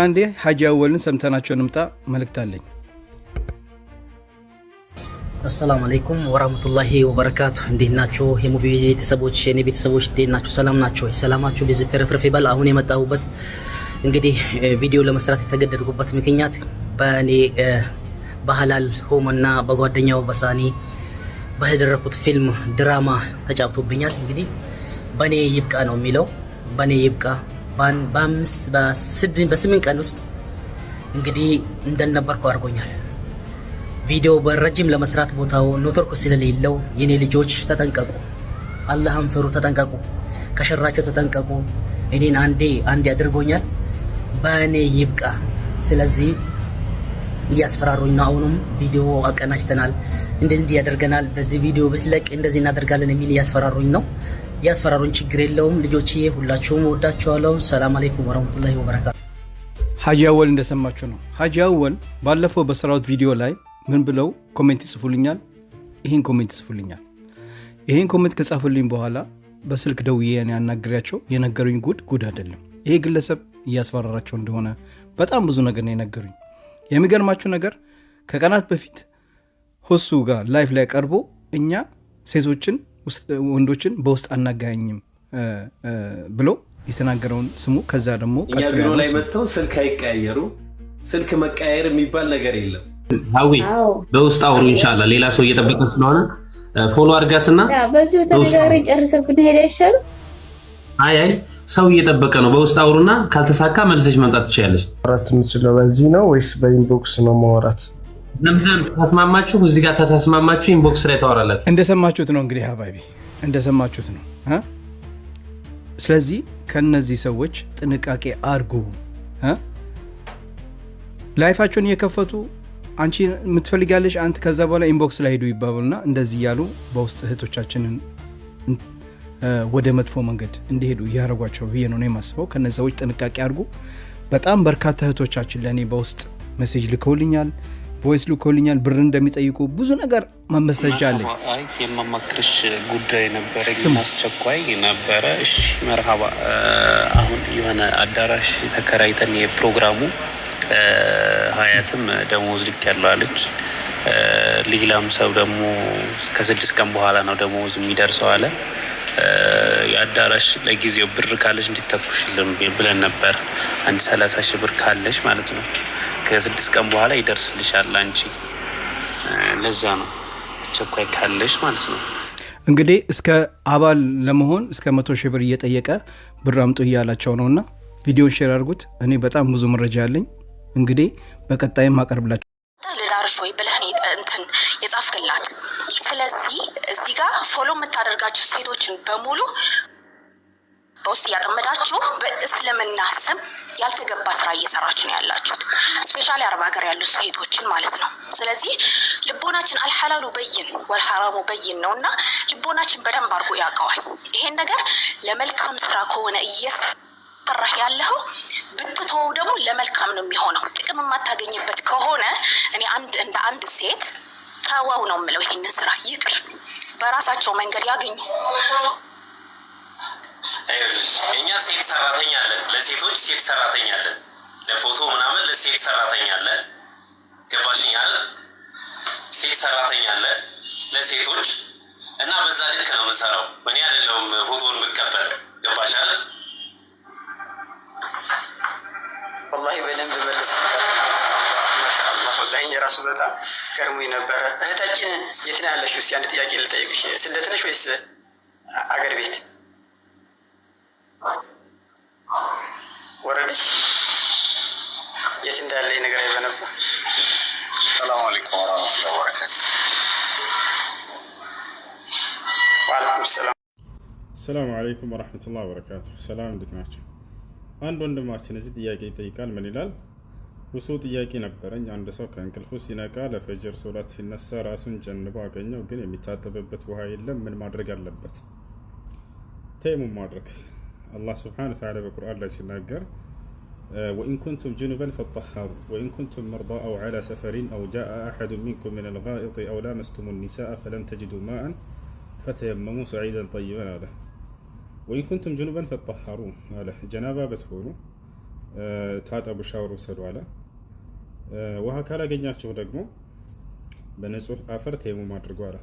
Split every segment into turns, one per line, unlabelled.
አንዴ ሀጂ አወልን ሰምተናቸው እንምጣ። መልእክት አለኝ።
አሰላሙ አለይኩም ወራህመቱላሂ ወበረካቱ። እንዴት ናቸው የሙቢ ቤተሰቦች፣ የኔ ቤተሰቦች እንዴት ናቸው? ሰላም ናቸው? ሰላማችሁ ብዙ ተረፍረፍ ይበል። አሁን የመጣሁበት እንግዲህ ቪዲዮ ለመስራት የተገደድኩበት ምክንያት በእኔ በሀላል ሆሞና በጓደኛው በሳኒ ባደረኩት ፊልም ድራማ ተጫብቶብኛል። እንግዲህ በእኔ ይብቃ ነው የሚለው በእኔ ይብቃ በአምስት በስምንት ቀን ውስጥ እንግዲህ እንደነበርኩ አድርጎኛል። ቪዲዮ በረጅም ለመስራት ቦታው ኔትወርክ ስለሌለው የኔ ልጆች ተጠንቀቁ፣ አላህም ፍሩ፣ ተጠንቀቁ፣ ከሸራቸው ተጠንቀቁ። እኔን አንዴ አንዴ አድርጎኛል፣ በእኔ ይብቃ። ስለዚህ እያስፈራሩኝ ነው። አሁኑም ቪዲዮ አቀናጅተናል፣ እንደዚህ ያደርገናል፣ በዚህ ቪዲዮ ብትለቅ እንደዚህ እናደርጋለን የሚል እያስፈራሩኝ ነው። ያስፈራሩን ችግር የለውም ልጆች፣ ሁላችሁም ወዳችኋለሁ። ሰላም አለይኩም ወረመቱላ ወበረካቱ።
ሀጂ አወል እንደሰማችሁ ነው። ሀጂ አወል ባለፈው በሰራሁት ቪዲዮ ላይ ምን ብለው ኮሜንት ይጽፉልኛል፣ ይህን ኮሜንት ይጽፉልኛል። ይህን ኮሜንት ከጻፉልኝ በኋላ በስልክ ደውዬ ያናገሪያቸው የነገሩኝ ጉድ ጉድ አይደለም። ይሄ ግለሰብ እያስፈራራቸው እንደሆነ በጣም ብዙ ነገር ነው የነገሩኝ። የሚገርማችሁ ነገር ከቀናት በፊት ሆሱ ጋር ላይፍ ላይ ቀርቦ እኛ ሴቶችን ወንዶችን በውስጥ አናገኝም ብሎ የተናገረውን ስሙ። ከዛ ደግሞ ቢሮ ላይ
መጥተው ስልክ አይቀያየሩ። ስልክ መቀያየር የሚባል ነገር የለም።
ሀዊ በውስጥ አውሩ እንሻላ። ሌላ ሰው እየጠበቀ ስለሆነ ፎሎ አድርጋትና
በዚሁ ተነጋሪ ጨርሰን ብንሄድ አይሻልም?
አይ አይ ሰው እየጠበቀ ነው። በውስጥ አውሩና ካልተሳካ መልሰች መምጣት ትችላለች። ማውራት የምችለው በዚህ ነው ወይስ በኢንቦክስ ነው ማውራት ለምንድን ተስማማችሁ? እዚህ ጋር ተስማማችሁ፣ ኢንቦክስ ላይ ታወራላችሁ። እንደሰማችሁት ነው እንግዲህ ሀባቢ እንደሰማችሁት ነው። ስለዚህ ከነዚህ ሰዎች ጥንቃቄ አድርጉ። ላይፋቸውን እየከፈቱ አንቺ የምትፈልጋለሽ አንተ ከዛ በኋላ ኢንቦክስ ላይ ሄዱ ይባባሉና እንደዚህ እያሉ በውስጥ እህቶቻችንን ወደ መጥፎ መንገድ እንዲሄዱ እያደረጓቸው ብዬ ነው የማስበው። ከነዚህ ሰዎች ጥንቃቄ አድርጉ። በጣም በርካታ እህቶቻችን ለእኔ በውስጥ መሴጅ ልከውልኛል። ቮይስ ልኮልኛል። ብር እንደሚጠይቁ ብዙ ነገር ማመሰጃ አለ።
የማማክርሽ ጉዳይ ነበረ፣ አስቸኳይ ነበረ። እሺ፣ መርሃባ። አሁን የሆነ
አዳራሽ ተከራይተን የፕሮግራሙ ሀያትም ደሞዝ ልክ ያለዋለች አለች። ሌላም ሰው ደግሞ ከስድስት ቀን በኋላ ነው ደሞዝ የሚደርሰው አለ። የአዳራሽ ለጊዜው ብር ካለች እንዲተኩሽልን ብለን
ነበር። አንድ ሰላሳ ሺህ ብር ካለች ማለት ነው ከስድስት ቀን በኋላ ይደርስልሻል አንቺ። ለዛ ነው አስቸኳይ ካለሽ ማለት ነው።
እንግዲህ እስከ አባል ለመሆን እስከ መቶ ሺህ ብር እየጠየቀ ብር አምጡ እያላቸው ነው። እና ቪዲዮ ሼር አድርጉት። እኔ በጣም ብዙ መረጃ አለኝ። እንግዲህ በቀጣይም አቀርብላቸው ልዳርሽ ወይ ብለህን እንትን የጻፍክላት። ስለዚህ እዚህ ጋር ፎሎ የምታደርጋችሁ ሴቶችን በሙሉ በውስጥ እያጠመዳችሁ በእስልምና ስም ያልተገባ ስራ እየሰራች ነው ያላችሁት፣ ስፔሻሊ አረብ ሀገር ያሉ ሴቶችን ማለት ነው። ስለዚህ ልቦናችን አልሐላሉ በይን ወልሐራሙ በይን ነው እና ልቦናችን በደንብ አድርጎ ያውቀዋል። ይሄን ነገር ለመልካም ስራ ከሆነ እየስ ጠራህ ያለኸው ብትተወው ደግሞ ለመልካም ነው የሚሆነው። ጥቅም የማታገኝበት ከሆነ እኔ አንድ እንደ አንድ ሴት ተወው ነው የምለው። ይህንን ስራ ይቅር፣ በራሳቸው መንገድ ያገኙ።
እኛ ሴት ሰራተኛ አለን፣ ለሴቶች ሴት ሰራተኛ አለን፣ ለፎቶ ምናምን ለሴት ሰራተኛ አለን። ገባሽኝ ሴት ሰራተኛ አለን ለሴቶች እና በዛ ልክ ነው ምንሰራው እኔ አይደለሁም ፎቶን የምቀበል። ገባሽ አይደል?
ወላሂ በደንብ መለስ ላይ የራሱ በጣም ገርሞ ነበረ። እህታችን የት ነው ያለሽ? እስኪ አንድ ጥያቄ ልጠይቅሽ። ስደት ነሽ ወይስ አገር ቤት? ወረድሽ የት እንዳለ ነገር አይበነባ።
ሰላሙ አለይኩም ወራህመቱላሂ ወበረካቱ።
ዋለይኩም ሰላም። ሰላሙ አለይኩም ወራህመቱላሂ ወበረካቱ። ሰላም እንዴት ናቸው? አንድ ወንድማችን እዚህ ጥያቄ ይጠይቃል። ምን ይላል? ውሱ ጥያቄ ነበረኝ። አንድ ሰው ከእንቅልፉ ሲነቃ ለፈጅር ሶላት ሲነሳ ራሱን ጀንቦ አገኘው፣ ግን የሚታጠብበት ውሃ የለም። ምን ማድረግ አለበት? ተይሙም ማድረግ አላህ ስብሐነ ወተዓላ በቁርአን ላይ ሲናገር آه، وإن كنتم جنبا فاطهروا وإن كنتم مرضى أو على سفر أو جاء أحد منكم من الغائط أو لامستم النساء فلم تجدوا ماء فتيمموا سعيدا طيبا هذا وإن كنتم جنبا فاطهروا هذا جنابة بتقولوا آه، تات أبو شاور وسلوا على آه، وهكالا جنيات شغل دقمو بنسوح أفر تيمو ما درقوا على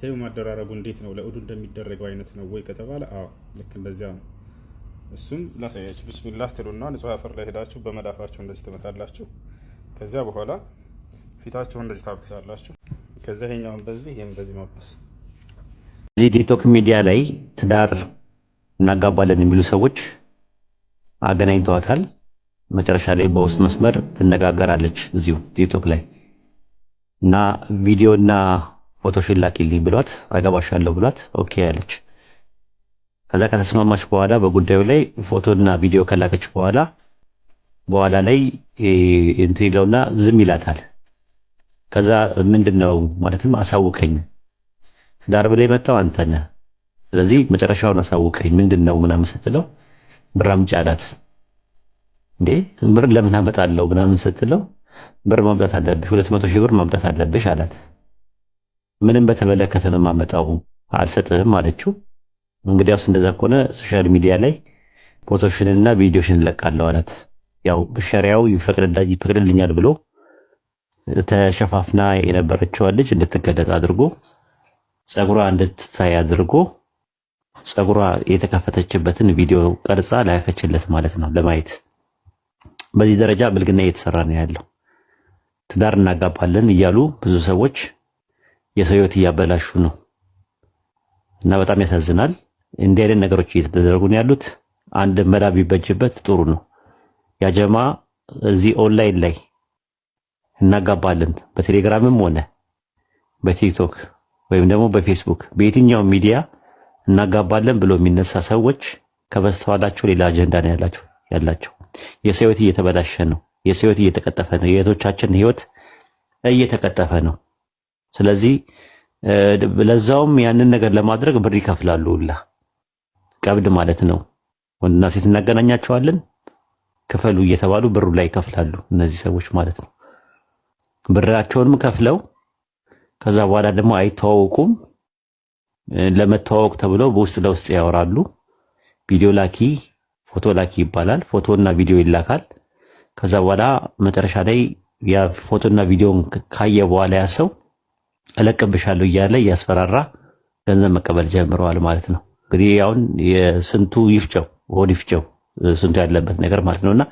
تيمو ما درارا قنديتنا ولا أدو دمي درقوا عينتنا ويكتب على آه لكن لزيانو እሱም ላሳያችሁ። ብስሚላህ ትሉና ንጹህ አፈር ላይ ሄዳችሁ በመዳፋችሁ እንደዚህ ትመታላችሁ። ከዚያ በኋላ ፊታችሁን እንደዚህ ታብሳላችሁ። ከዚያ ይሄኛውን በዚህ ይህም በዚህ ማበስ።
እዚህ ቲክቶክ ሚዲያ ላይ ትዳር እናጋባለን የሚሉ ሰዎች አገናኝተዋታል። መጨረሻ ላይ በውስጥ መስመር ትነጋገራለች እዚሁ ቲክቶክ ላይ እና ቪዲዮና ፎቶ ሽላኪልኝ ብሏት አገባሻለሁ ብሏት ኦኬ አለች። ከዛ ከተስማማች በኋላ በጉዳዩ ላይ ፎቶና ቪዲዮ ከላከች በኋላ በኋላ ላይ እንትን ይለውና ዝም ይላታል። ከዛ ምንድነው ማለትም አሳውቀኝ ዳርብ ላይ መጣው አንተነ ስለዚህ መጨረሻውን አሳውቀኝ ምንድነው ምናምን ስትለው ብር አምጪ አላት። እንዴ ብር ለምን አመጣለው ምናምን ስትለው ብር ማምጣት አለብሽ፣ ሁለት መቶ ሺህ ብር ማምጣት አለብሽ አላት። ምንም በተመለከተ ነው የማመጣው አልሰጥህም አለችው። እንግዲያውስ እንደዛ ከሆነ ሶሻል ሚዲያ ላይ ፎቶሽንና ቪዲዮሽን እለቃለሁ አላት። ያው ሸሪያው ይፈቅድልኛል ብሎ ተሸፋፍና የነበረችዋን ልጅ እንድትገለጽ አድርጎ ጸጉሯ እንድትታይ አድርጎ ጸጉሯ የተከፈተችበትን ቪዲዮ ቀርጻ ላያከችለት ማለት ነው ለማየት። በዚህ ደረጃ ብልግና እየተሰራ ነው ያለው። ትዳር እናጋባለን እያሉ ብዙ ሰዎች የሰው ሕይወት እያበላሹ ነው እና በጣም ያሳዝናል። እንዲህ አይነት ነገሮች እየተደረጉ ነው ያሉት። አንድ መላ ቢበጅበት ጥሩ ነው። ያጀማ እዚህ ኦንላይን ላይ እናጋባለን በቴሌግራምም ሆነ በቲክቶክ ወይም ደግሞ በፌስቡክ በየትኛው ሚዲያ እናጋባለን ብሎ የሚነሳ ሰዎች ከበስተኋላቸው ሌላ አጀንዳ ነው ያላቸው ያላቸው። የሰው ሕይወት እየተበላሸ ነው። የሰው ሕይወት እየተቀጠፈ ነው። የእህቶቻችን ሕይወት እየተቀጠፈ ነው። ስለዚህ ለዛውም ያንን ነገር ለማድረግ ብር ይከፍላሉ ሁላ ቀብድ ማለት ነው። ወንድና ሴት እናገናኛቸዋለን ክፈሉ እየተባሉ ብሩ ላይ ይከፍላሉ። እነዚህ ሰዎች ማለት ነው። ብራቸውንም ከፍለው ከዛ በኋላ ደግሞ አይተዋወቁም። ለመተዋወቅ ተብለው በውስጥ ለውስጥ ያወራሉ። ቪዲዮ ላኪ፣ ፎቶ ላኪ ይባላል። ፎቶና ቪዲዮ ይላካል። ከዛ በኋላ መጨረሻ ላይ ያ ፎቶና ቪዲዮን ካየ በኋላ ያ ሰው እለቅብሻለሁ እያለ እያስፈራራ ገንዘብ መቀበል ጀምረዋል ማለት ነው። እንግዲህ አሁን የስንቱ ይፍጨው ሆድ ይፍጨው ስንቱ ያለበት ነገር ማለት ነው። እና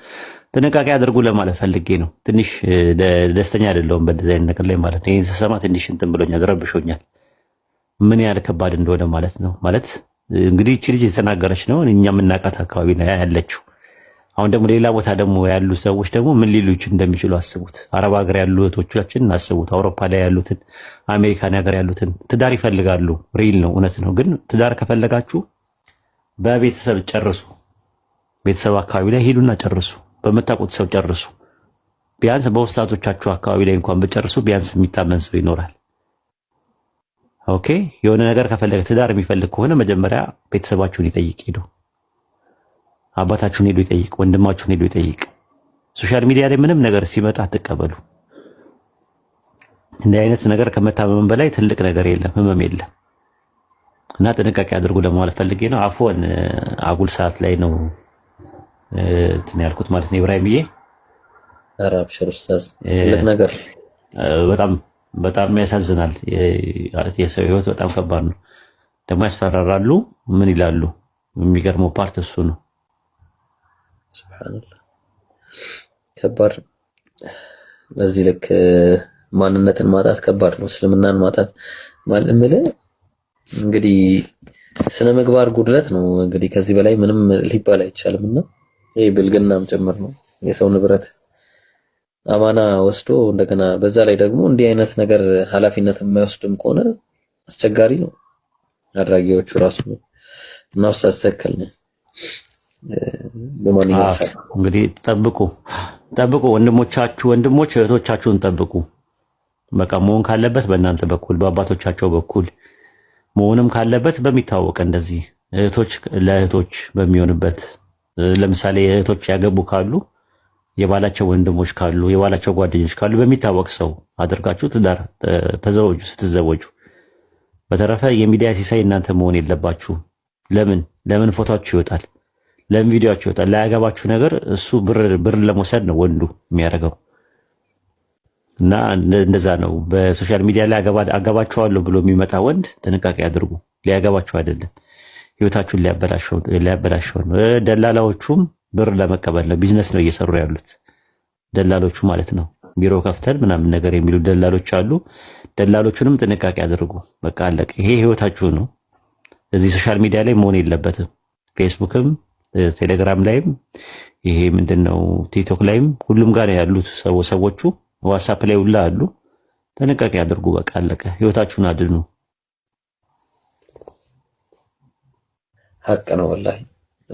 ጥንቃቄ አድርጉ ለማለት ፈልጌ ነው። ትንሽ ደስተኛ አይደለሁም በእንደዚህ አይነት ነገር ላይ ማለት ነው። ይህን ስሰማ ትንሽ እንትን ብሎኛል፣ ረብሾኛል። ምን ያህል ከባድ እንደሆነ ማለት ነው። ማለት እንግዲህ ይቺ ልጅ የተናገረች ነው እኛ የምናውቃት አካባቢ ያለችው አሁን ደግሞ ሌላ ቦታ ደግሞ ያሉ ሰዎች ደግሞ ምን ሊሉች እንደሚችሉ አስቡት። አረብ ሀገር ያሉ እህቶቻችን አስቡት። አውሮፓ ላይ ያሉትን፣ አሜሪካን ሀገር ያሉትን ትዳር ይፈልጋሉ። ሪል ነው፣ እውነት ነው። ግን ትዳር ከፈለጋችሁ በቤተሰብ ጨርሱ። ቤተሰብ አካባቢ ላይ ሄዱና ጨርሱ። በምታውቁት ሰው ጨርሱ። ቢያንስ በውስጣቶቻችሁ አካባቢ ላይ እንኳን ብጨርሱ ቢያንስ የሚታመን ሰው ይኖራል። ኦኬ፣ የሆነ ነገር ከፈለገ ትዳር የሚፈልግ ከሆነ መጀመሪያ ቤተሰባችሁን ይጠይቅ ሄዱ። አባታችሁን ሄዶ ይጠይቅ፣ ወንድማችሁን ሄዶ ይጠይቅ። ሶሻል ሚዲያ ላይ ምንም ነገር ሲመጣ አትቀበሉ። እንዲህ አይነት ነገር ከመታመም በላይ ትልቅ ነገር የለም፣ ህመም የለም። እና ጥንቃቄ አድርጉ ለማለት ፈልጌ ነው። አፎን አጉል ሰዓት ላይ ነው እንትን ያልኩት ማለት ነው። ኢብራሂምዬ አብሽር ኡስታዝ፣ ትልቅ ነገር በጣም በጣም ያሳዝናል። የሰው ህይወት በጣም ከባድ ነው። ደግሞ ያስፈራራሉ። ምን ይላሉ? የሚገርመው ፓርት እሱ ነው። ሱብሃንአላህ ከባድ በዚህ ልክ ማንነትን ማጣት ከባድ ነው። እስልምናን ማጣት ማለምለ እንግዲህ ስነ ምግባር ጉድለት ነው። እንግዲህ ከዚህ በላይ ምንም ሊባል አይቻልም እና ይሄ ብልግናም ጭምር ነው። የሰው ንብረት አማና ወስዶ እንደገና በዛ ላይ ደግሞ እንዲህ አይነት ነገር ኃላፊነት የማይወስድም ከሆነ አስቸጋሪ ነው። አድራጊዎቹ ራሱ ነው እና ውስጥ በማንኛውም እንግዲህ ጠብቁ ጠብቁ፣ ወንድሞቻችሁ ወንድሞች እህቶቻችሁን ጠብቁ። በቃ መሆን ካለበት በእናንተ በኩል በአባቶቻቸው በኩል መሆንም ካለበት በሚታወቅ እንደዚህ እህቶች ለእህቶች በሚሆንበት ለምሳሌ እህቶች ያገቡ ካሉ የባላቸው ወንድሞች ካሉ የባላቸው ጓደኞች ካሉ በሚታወቅ ሰው አድርጋችሁ ትዳር ተዘወጁ ስትዘወጁ። በተረፈ የሚዲያ ሲሳይ እናንተ መሆን የለባችሁ። ለምን ለምን ፎቶችሁ ይወጣል? ለምን ይወጣል? ላያገባችሁ ነገር እሱ ብር ለመውሰድ ነው ወንዱ የሚያደርገው። እና እንደዛ ነው። በሶሻል ሚዲያ ላይ አገባችኋለሁ ብሎ የሚመጣ ወንድ ጥንቃቄ አድርጉ። ሊያገባችሁ አይደለም፣ ህይወታችሁን ሊያበላሸው ነው። ደላላዎቹም ብር ለመቀበል ነው፣ ቢዝነስ ነው እየሰሩ ያሉት ደላሎቹ ማለት ነው። ቢሮ ከፍተን ምናምን ነገር የሚሉ ደላሎች አሉ። ደላሎቹንም ጥንቃቄ አድርጉ። በቃ አለቀ። ይሄ ህይወታችሁ ነው። እዚህ ሶሻል ሚዲያ ላይ መሆን የለበትም። ፌስቡክም ቴሌግራም ላይም ይሄ ምንድን ነው ቲክቶክ ላይም ሁሉም ጋር ያሉት ሰዎቹ ዋትሳፕ ላይ ሁላ አሉ። ጥንቃቄ አድርጉ። በቃ አለቀ። ህይወታችሁን አድኑ። ሀቅ ነው ወላሂ።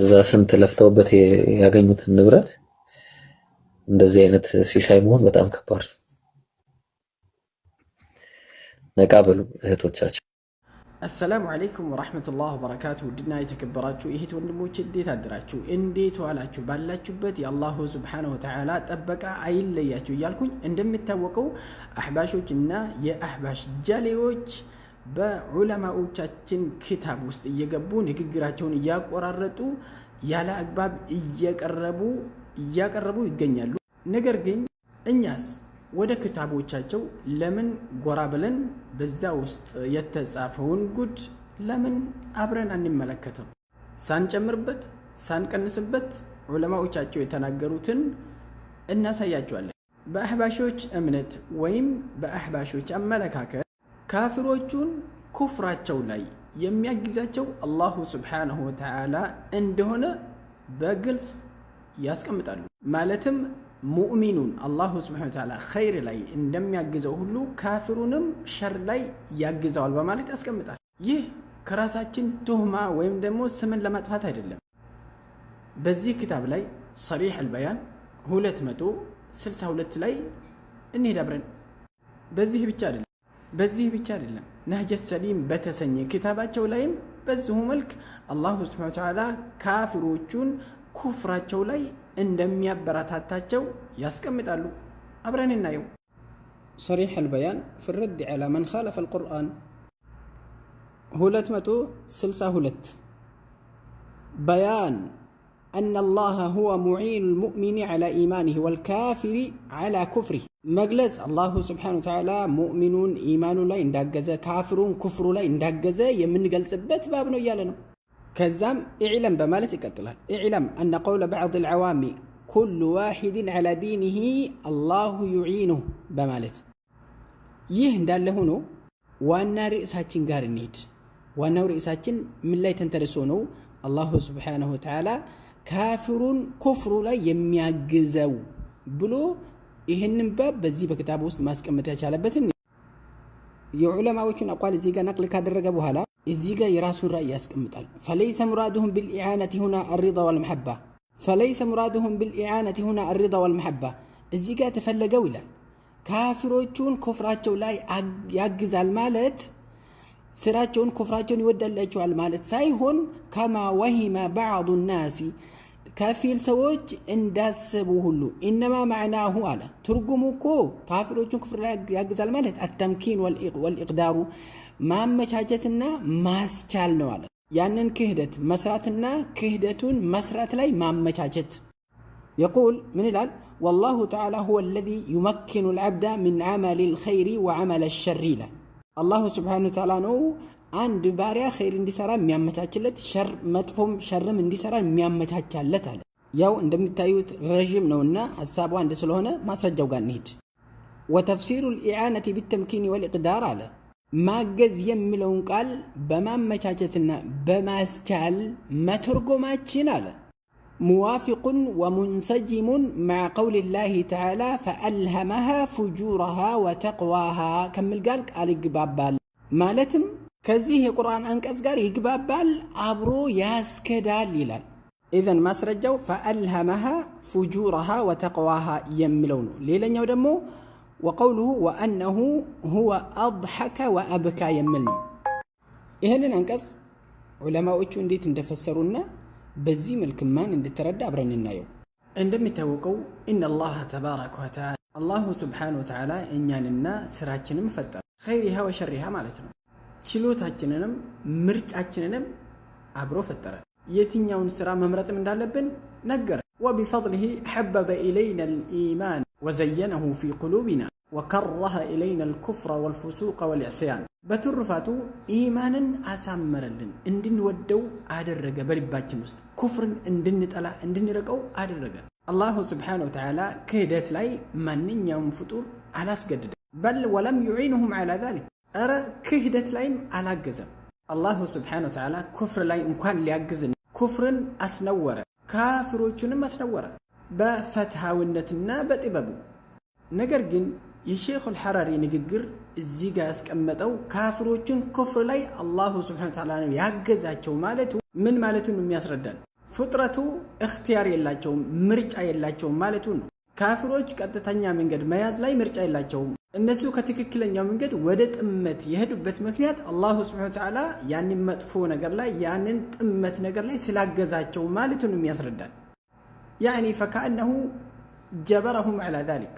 እዛ ስንት ለፍተውበት ያገኙትን ንብረት እንደዚህ አይነት ሲሳይ መሆን በጣም ከባድ ነው። ነቃ በሉ እህቶቻችን።
አሰላሙ አለይኩም ወራህመቱላህ ወበረካቱ ውድና የተከበራችሁ ይሄት ወንድሞች እንዴት አድራችሁ? እንዴት ዋላችሁ? ባላችሁበት የአላሁ ስብሓነሁ ወተዓላ ጠበቃ አይለያችሁ እያልኩኝ እንደሚታወቀው አሕባሾች እና የአሕባሽ ጃሌዎች በዑለማዎቻችን ክታብ ውስጥ እየገቡ ንግግራቸውን እያቆራረጡ ያለ አግባብ እያቀረቡ ይገኛሉ። ነገር ግን እኛስ ወደ ክታቦቻቸው ለምን ጎራ ብለን በዛ ውስጥ የተጻፈውን ጉድ ለምን አብረን አንመለከተው? ሳንጨምርበት ሳንቀንስበት ዑለማዎቻቸው የተናገሩትን እናሳያቸዋለን። በአህባሾች እምነት ወይም በአህባሾች አመለካከት ካፊሮቹን ኩፍራቸው ላይ የሚያግዛቸው አላሁ ስብሓነሁ ወተዓላ እንደሆነ በግልጽ ያስቀምጣሉ። ማለትም ሙእሚኑን አላሁ ስብሐነ ወተዓላ ኸይር ላይ እንደሚያግዘው ሁሉ ካፍሩንም ሸር ላይ ያግዘዋል በማለት ያስቀምጣል። ይህ ከራሳችን ቱህማ ወይም ደግሞ ስምን ለማጥፋት አይደለም። በዚህ ክታብ ላይ ሰሪሕ አልበያን 262 ላይ እንሄድ አብረን። በዚህ ብቻ አይደለም በዚህ ብቻ አይደለም ነህጀ ሰሊም በተሰኘ ክታባቸው ላይም በዚሁ መልክ አላሁ ስብሐነ ወተዓላ ካፍሮቹን ኩፍራቸው ላይ እንደሚያበረታታቸው ያስቀምጣሉ። አብረን እናየው። صريح البيان في الرد على من خالف القرآن هلت متو سلسة هلت بيان أن الله هو معين المؤمن على إيمانه والكافر على كفره መግለጽ አላሁ ስብሓን ወተዓላ ሙእሚኑን ኢማኑ ላይ እንዳገዘ ካፍሩን ኩፍሩ ላይ እንዳገዘ የምንገልጽበት ባብ ነው እያለ ነው። ከዛም ኢዕለም በማለት ይቀጥላል። ኢዕለም አነ ቀውለ ባዕድ ልዓዋሚ ኩሉ ዋሂድን ዓላ ዲንህ አላሁ ዩዒኑህ በማለት ይህ እንዳለ ሆኖ ዋና ርዕሳችን ጋር እንሄድ። ዋናው ርዕሳችን ምን ላይ ተንተርሶ ነው? አላሁ ስብሓነሁ ወተዓላ ካፍሩን ኩፍሩ ላይ የሚያግዘው ብሎ ይህንን ባብ በዚህ በክታብ ውስጥ ማስቀመጥ ያቻለበትን የዑለማዎቹን አቋል እዚህ ጋር ነቅል ካደረገ በኋላ እዚህ ጋ የራሱን ራእይ ያስቀምጣል። ፈለይሰ ሙራድሁም ቢልኢዓነቲ ሁና አሪዳ ወልመሐባ ፈለይሰ ሙራድሁም ቢልኢዓነቲ ሁና አሪዳ ወልመሐባ እዚህ ጋር የተፈለገው ይላል ካፊሮቹን ኮፍራቸው ላይ ያግዛል ማለት ስራቸውን ኮፍራቸውን ይወዳላቸዋል ማለት ሳይሆን ከማ ወሂመ ባዕዱ ናሲ ከፊል ሰዎች እንዳሰቡ ሁሉ ኢነማ ማዕናሁ አለ ትርጉሙ እኮ ካፊሮቹን ኩፍር ላይ ያግዛል ማለት አተምኪን ወልኢቅዳሩ ማመቻቸትና ማስቻል ነው አለ። ያንን ክህደት መስራትና ክህደቱን መስራት ላይ ማመቻቸት የቁል ምን ይላል? ወላሁ ተዓላ ሁወ አለዚ ዩመኪኑ ልዓብዳ ሚን ዓመል ልኸይሪ ወዓመል ሸሪ ይላል። አላሁ ስብሓነሁ ተዓላ ነው አንድ ባሪያ ኸይር እንዲሰራ የሚያመቻችለት፣ መጥፎም ሸርም እንዲሰራ የሚያመቻቻለት አለ። ያው እንደሚታዩት ረዥም ነውና ሀሳቡ አንድ ስለሆነ ማስረጃው ጋር እንሂድ። ወተፍሲሩ ልኢዓነቲ ቢተምኪን ወልኢቅዳር አለ ማገዝ የሚለውን ቃል በማመቻቸትና በማስቻል መተርጎማችን አለ ሙዋፊቁን ወሙንሰጂሙን መዓ ቀውል ላህ ተዓላ ፈአልሃመሃ ፉጁረሃ ወተቅዋሃ ከሚል ጋር ቃል ይግባባል። ማለትም ከዚህ የቁርአን አንቀጽ ጋር ይግባባል፣ አብሮ ያስከዳል ይላል። ኢዘን ማስረጃው ፈአልሃመሃ ፉጁረሃ ወተቅዋሃ የሚለው ነው። ሌላኛው ደግሞ ወቀውሉሁ ወአነሁ ሁወ አድሐከ ወአብካ የሚል ነው። ይህንን አንቀጽ ዑለማዎቹ እንዴት እንደፈሰሩና በዚህ መልክ ማን እንድትረዳ አብረን እናየው። እንደሚታወቀው ኢነላህ ተባረከ ወተዓላ አላሁ ስብሓነሁ ወተዓላ እኛንና ስራችንም ፈጠረ፣ ኸይሪሃ ወሸሪሃ ማለት ነው። ችሎታችንንም ምርጫችንንም አብሮ ፈጠረ። የትኛውን ስራ መምረጥም እንዳለብን ነገረ። وبفضله حبب إلينا الإيمان وزينه في قلوبنا وكره إلينا الكفر والفسوق والعصيان በትሩፋቱ ኢማንን አሳመረልን እንድንወደው አደረገ። በልባችን ውስጥ ኩፍርን እንድንጠላ እንድንርቀው አደረገ። አላሁ ስብሓነ ወተዓላ ክህደት ላይ ማንኛውም ፍጡር አላስገድደ በል ወለም ዩዒንሁም ዓላ ዛሊክ እረ ክህደት ላይም አላገዘም። አላሁ ስብሓነ ወተዓላ ኩፍር ላይ እንኳን ሊያግዝን ኩፍርን አስነወረ ካፍሮቹንም አስነወረ በፈትሃዊነትና በጥበቡ። ነገር ግን የሼኹል ልሐራሪ ንግግር እዚህ ጋር ያስቀመጠው ካፍሮቹን ኩፍር ላይ አላሁ ስብሐነ ወተዓላ ነው ያገዛቸው ማለቱ ምን ነው የሚያስረዳን ፍጥረቱ እክትያር የላቸውም ምርጫ የላቸውም ማለቱ ነው። ካፍሮች ቀጥተኛ መንገድ መያዝ ላይ ምርጫ የላቸውም። እነሱ ከትክክለኛው መንገድ ወደ ጥመት የሄዱበት ምክንያት አላሁ ስብሐነሁ ወተዓላ ያንን መጥፎ ነገር ላይ ያንን ጥመት ነገር ላይ ስላገዛቸው ማለቱን የሚያስረዳል። ያኒ ፈካአነሁ ጀበረሁም ዐላ ዛሊክ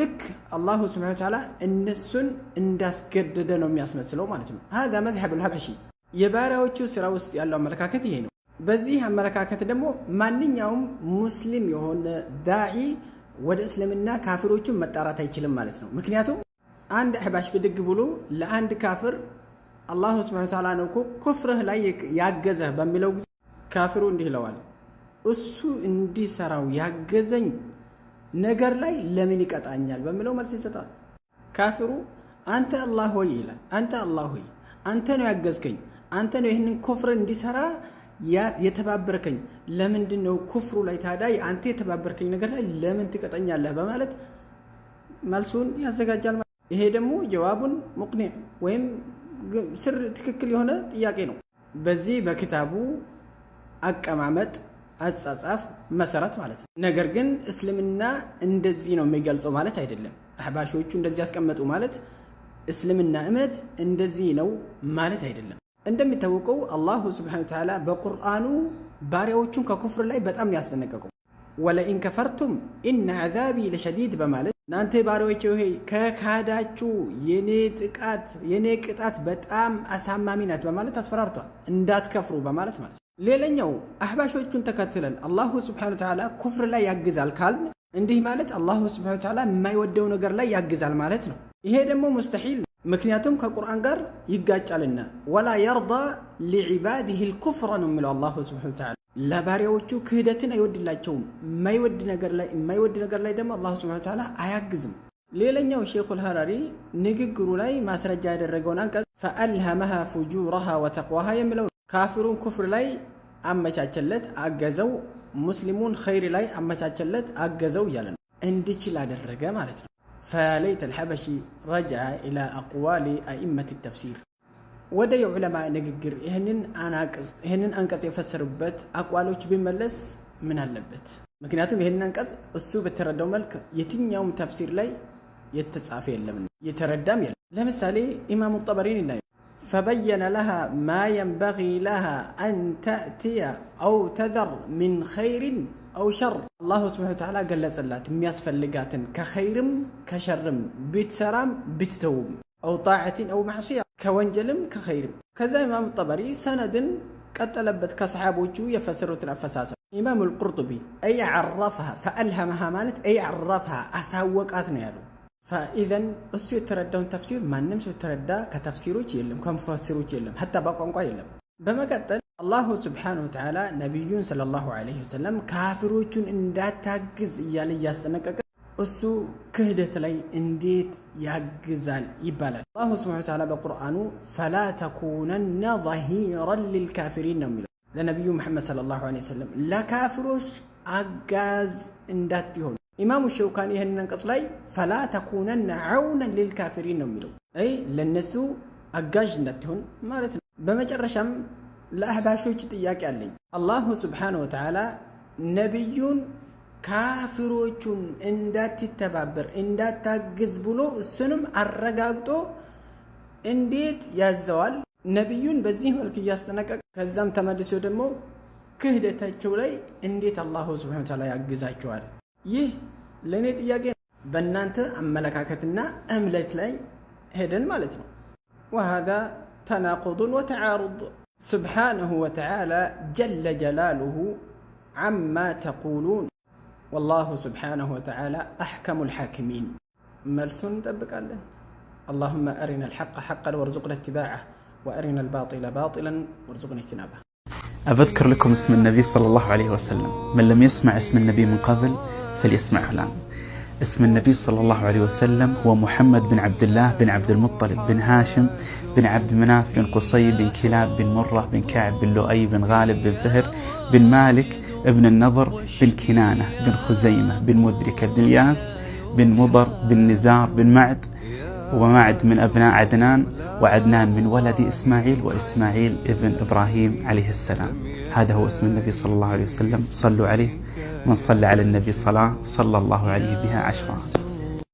ልክ አላሁ ስብሐነሁ ወተዓላ እነሱን እንዳስገደደ ነው የሚያስመስለው ማለት ነው። ሀዛ መዝሐብ ልሀበሺ የባሪያዎቹ ስራ ውስጥ ያለው አመለካከት ይሄ ነው። በዚህ አመለካከት ደግሞ ማንኛውም ሙስሊም የሆነ ዳዒ ወደ እስልምና ካፍሮችን መጣራት አይችልም ማለት ነው። ምክንያቱም አንድ አህባሽ ብድግ ብሎ ለአንድ ካፍር አላሁ ስብሐነ ወተዓላ ነው እኮ ኩፍርህ ላይ ያገዘህ በሚለው ጊዜ ካፍሩ እንዲህ ይለዋል፣ እሱ እንዲሰራው ያገዘኝ ነገር ላይ ለምን ይቀጣኛል በሚለው መልስ ይሰጣል። ካፍሩ አንተ አላህ ሆይ ይላል። አንተ አላህ ሆይ አንተ ነው ያገዝከኝ፣ አንተ ነው ይህንን ኩፍር እንዲሰራ የተባበርከኝ ለምንድን ነው ኩፍሩ ላይ ታዲያ አንተ የተባበርከኝ ነገር ላይ ለምን ትቀጠኛለህ? በማለት መልሱን ያዘጋጃል። ይሄ ደግሞ ጀዋቡን ሙቅኒዕ ወይም ስር ትክክል የሆነ ጥያቄ ነው። በዚህ በክታቡ አቀማመጥ አጻጻፍ መሰረት ማለት ነው። ነገር ግን እስልምና እንደዚህ ነው የሚገልጸው ማለት አይደለም። አህባሾቹ እንደዚህ ያስቀመጡ ማለት እስልምና እምነት እንደዚህ ነው ማለት አይደለም። እንደሚታወቀው አላሁ ስብሐነ ወተዓላ በቁርአኑ ባሪያዎቹን ከኩፍር ላይ በጣም ያስጠነቀቀው ወለኢን ከፈርቱም ኢነ አዛቢ ለሸዲድ በማለት እናንተ ባሪያዎች ይሄ ከካዳችሁ የኔ ጥቃት የኔ ቅጣት በጣም አሳማሚ ናት በማለት አስፈራርቷል። እንዳትከፍሩ በማለት ማለት ሌላኛው አህባሾቹን ተከትለን አላሁ ስብሐነ ወተዓላ ኩፍር ላይ ያግዛል ካል እንዲህ ማለት አላሁ ስብሐነ ወተዓላ የማይወደው ነገር ላይ ያግዛል ማለት ነው። ይሄ ደግሞ ሙስተሒል ምክንያቱም ከቁርአን ጋር ይጋጫልና ወላ የርዳ ሊዕባድህ ልኩፍረ ነው የሚለው አላሁ ስብሐነ ወተዓላ ለባሪያዎቹ ክህደትን አይወድላቸውም። የማይወድ ነገር ላይ የማይወድ ነገር ላይ ደግሞ አላሁ ስብሐነ ወተዓላ አያግዝም። ሌላኛው ሼኹል ሀራሪ ንግግሩ ላይ ማስረጃ ያደረገውን አንቀጽ ፈአልሃመሃ ፉጁረሃ ወተቅዋሃ የሚለው ካፊሩን ኩፍር ላይ አመቻቸለት አገዘው፣ ሙስሊሙን ኸይር ላይ አመቻቸለት አገዘው እያለ ነው እንዲችል አደረገ ማለት ነው። ፈለይት አልሐበሺ ረጅዐ ኢላ አቅዋሊ አኢመት ተፍሲር ወደ የዑለማ ንግግር ይህንን አንቀጽ የፈሰሩበት አቋሎች ቢመለስ ምን አለበት? ምክንያቱም ይህንን አንቀጽ እሱ በተረዳው መልክ የትኛውም ተፍሲር ላይ የተጻፈ የለም፣ የተረዳም የለም። ለምሳሌ ኢማሙ ጠበሪን እናየ ፈበየነ ለሃ ማ የንበጊ ለሃ አን ተእትየ አው ተዘር ምን ኸይሪን አው ሸር አላሁ ስብሐነ ወተዓላ ገለጸላት የሚያስፈልጋትን ከኸይርም ከሸርም ብትሰራም ብትተውም አው ጣዓትን አው ማዕስያ ከወንጀልም ከኸይርም። ከዛ ኢማም ጠበሪ ሰነድን ቀጠለበት ከሰሓቦቹ የፈሰሩትን አፈሳሰብ። ኢማም ልቁርጡቢ አይ ዓረፍሃ ፈአልሃመሃ ማለት አይ ዓረፍሃ አሳወቃት ነው ያሉ። ፈኢዘን እሱ የተረዳውን ተፍሲር ማንም ሰው የተረዳ ከተፍሲሮች የለም ከሙፈሲሮች የለም ሀታ በቋንቋ የለም። በመቀጠል አላሁ ስብሓነ ወተዓላ ነቢዩን ሰለላሁ ዐለይሂ ወሰለም ካፊሮቹን እንዳታግዝ እያለ እያስጠነቀቀ እሱ ክህደት ላይ እንዴት ያግዛል ይባላል። አላሁ ስብሓነ ወተዓላ በቁርአኑ ፈላ ተኩነና ظሂራን ሊልካፊሪን ነው የሚለው ለነቢዩ መሐመድ ሰለላሁ ዐለይሂ ወሰለም ለካፊሮች አጋዥ እንዳትሆኑ። ኢማሙ ሸውካን ይህንን አንቀጽ ላይ ፈላ ተኩነና ዐውነን ሊልካፊሪን ነው የሚለው አይ ለነሱ አጋዥ እንዳትሆን ማለት ነው። በመጨረሻም ለአህባሾች ጥያቄ አለኝ። አላሁ ስብሓነሁ ወተዓላ ነቢዩን ካፊሮቹን እንዳትተባበር እንዳታግዝ ብሎ እሱንም አረጋግጦ እንዴት ያዘዋል? ነቢዩን በዚህ መልክ እያስጠነቀቀ ከዛም ተመልሶ ደግሞ ክህደታቸው ላይ እንዴት አላሁ ስብሓነሁ ወተዓላ ያግዛቸዋል? ይህ ለእኔ ጥያቄ በእናንተ አመለካከትና እምለት ላይ ሄደን ማለት ነው። ወሃዳ ተናቁዱን ወተዓሩድ سبحانه وتعالى جل جلاله عما تقولون والله سبحانه وتعالى أحكم الحاكمين መልሱ الله اللهم أرنا الحق حقا وارزقنا اتباعه وأرنا الباطل باطلا وارزقنا
اجتنابه أذكر لكم اسم النبي صلى الله عليه وسلم من لم يسمع اسم النبي من قبل فليسمعه الآن اسم النبي صلى الله عليه وسلم هو محمد بن عبد الله بن عبد المطلب بن هاشم بن عبد مناف بن قصي بن كلاب بن مرة بن كعب بن لؤي بن غالب بن فهر بن مالك بن النضر بن كنانة بن خزيمة بن مدركة بن الياس بن مضر بن نزار بن معد ومعد من أبناء عدنان وعدنان من ولد إسماعيل وإسماعيل ابن إبراهيم عليه السلام هذا هو اسم النبي صلى الله عليه وسلم صلوا عليه من صلى على النبي صلاة صلى الله عليه بها عشرة